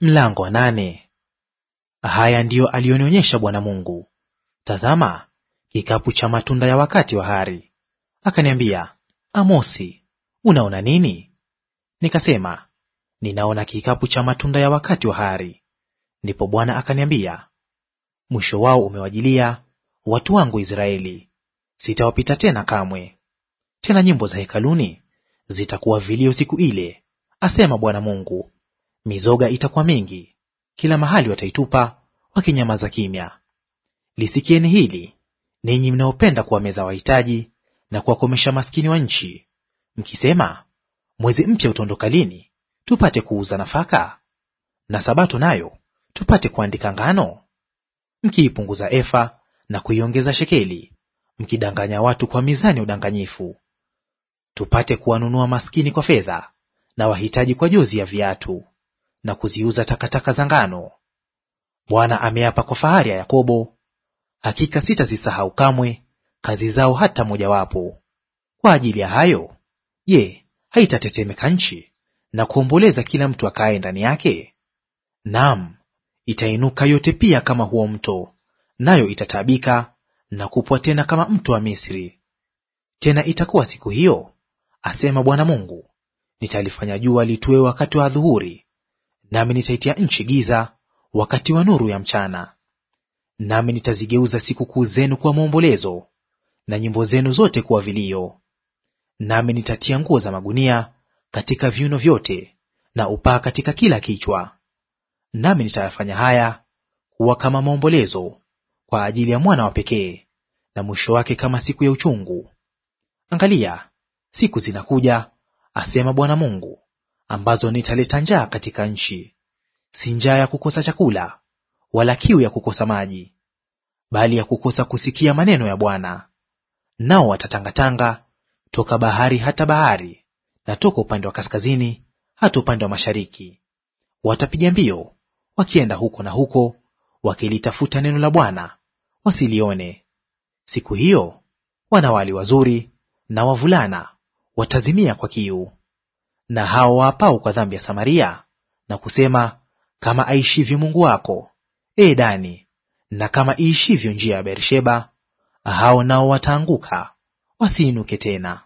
Mlango wa nane. Haya ndiyo aliyonionyesha Bwana Mungu: tazama, kikapu cha matunda ya wakati wa hari. Akaniambia, Amosi, unaona nini? Nikasema, ninaona kikapu cha matunda ya wakati wa hari. Ndipo Bwana akaniambia, mwisho wao umewajilia, watu wangu Israeli; sitawapita tena kamwe. Tena nyimbo za hekaluni zitakuwa vilio siku ile, asema Bwana Mungu Mizoga itakuwa mingi, kila mahali wataitupa wakinyamaza kimya. Lisikieni hili ninyi mnaopenda kuwameza wahitaji na kuwakomesha maskini wa nchi, mkisema, mwezi mpya utaondoka lini tupate kuuza nafaka, na sabato nayo tupate kuandika ngano? Mkiipunguza efa na kuiongeza shekeli, mkidanganya watu kwa mizani ya udanganyifu, tupate kuwanunua maskini kwa fedha na wahitaji kwa jozi ya viatu na kuziuza takataka za ngano. Bwana ameapa kwa fahari ya Yakobo, hakika sitazisahau kamwe kazi zao hata mojawapo. Kwa ajili ya hayo, je, haitatetemeka nchi na kuomboleza kila mtu akaye ndani yake? Naam, itainuka yote pia kama huo mto, nayo itatabika na kupwa tena kama mto wa Misri. Tena itakuwa siku hiyo, asema Bwana Mungu, nitalifanya jua litue wakati wa dhuhuri nami nitaitia nchi giza wakati wa nuru ya mchana. Nami nitazigeuza sikukuu zenu kuwa maombolezo na nyimbo zenu zote kuwa vilio. Nami nitatia nguo za magunia katika viuno vyote na upaa katika kila kichwa. Nami nitayafanya haya kuwa kama maombolezo kwa ajili ya mwana wa pekee, na mwisho wake kama siku ya uchungu. Angalia, siku zinakuja, asema Bwana Mungu, ambazo nitaleta njaa katika nchi, si njaa ya kukosa chakula, wala kiu ya kukosa maji, bali ya kukosa kusikia maneno ya Bwana. Nao watatangatanga toka bahari hata bahari, na toka upande wa kaskazini hata upande wa mashariki. Watapiga mbio wakienda huko na huko, wakilitafuta neno la Bwana, wasilione. Siku hiyo wanawali wazuri na wavulana watazimia kwa kiu na hao waapao kwa dhambi ya Samaria na kusema, kama aishivyo Mungu wako, e Dani, na kama iishivyo njia ya Beersheba, hao nao wataanguka wasiinuke tena.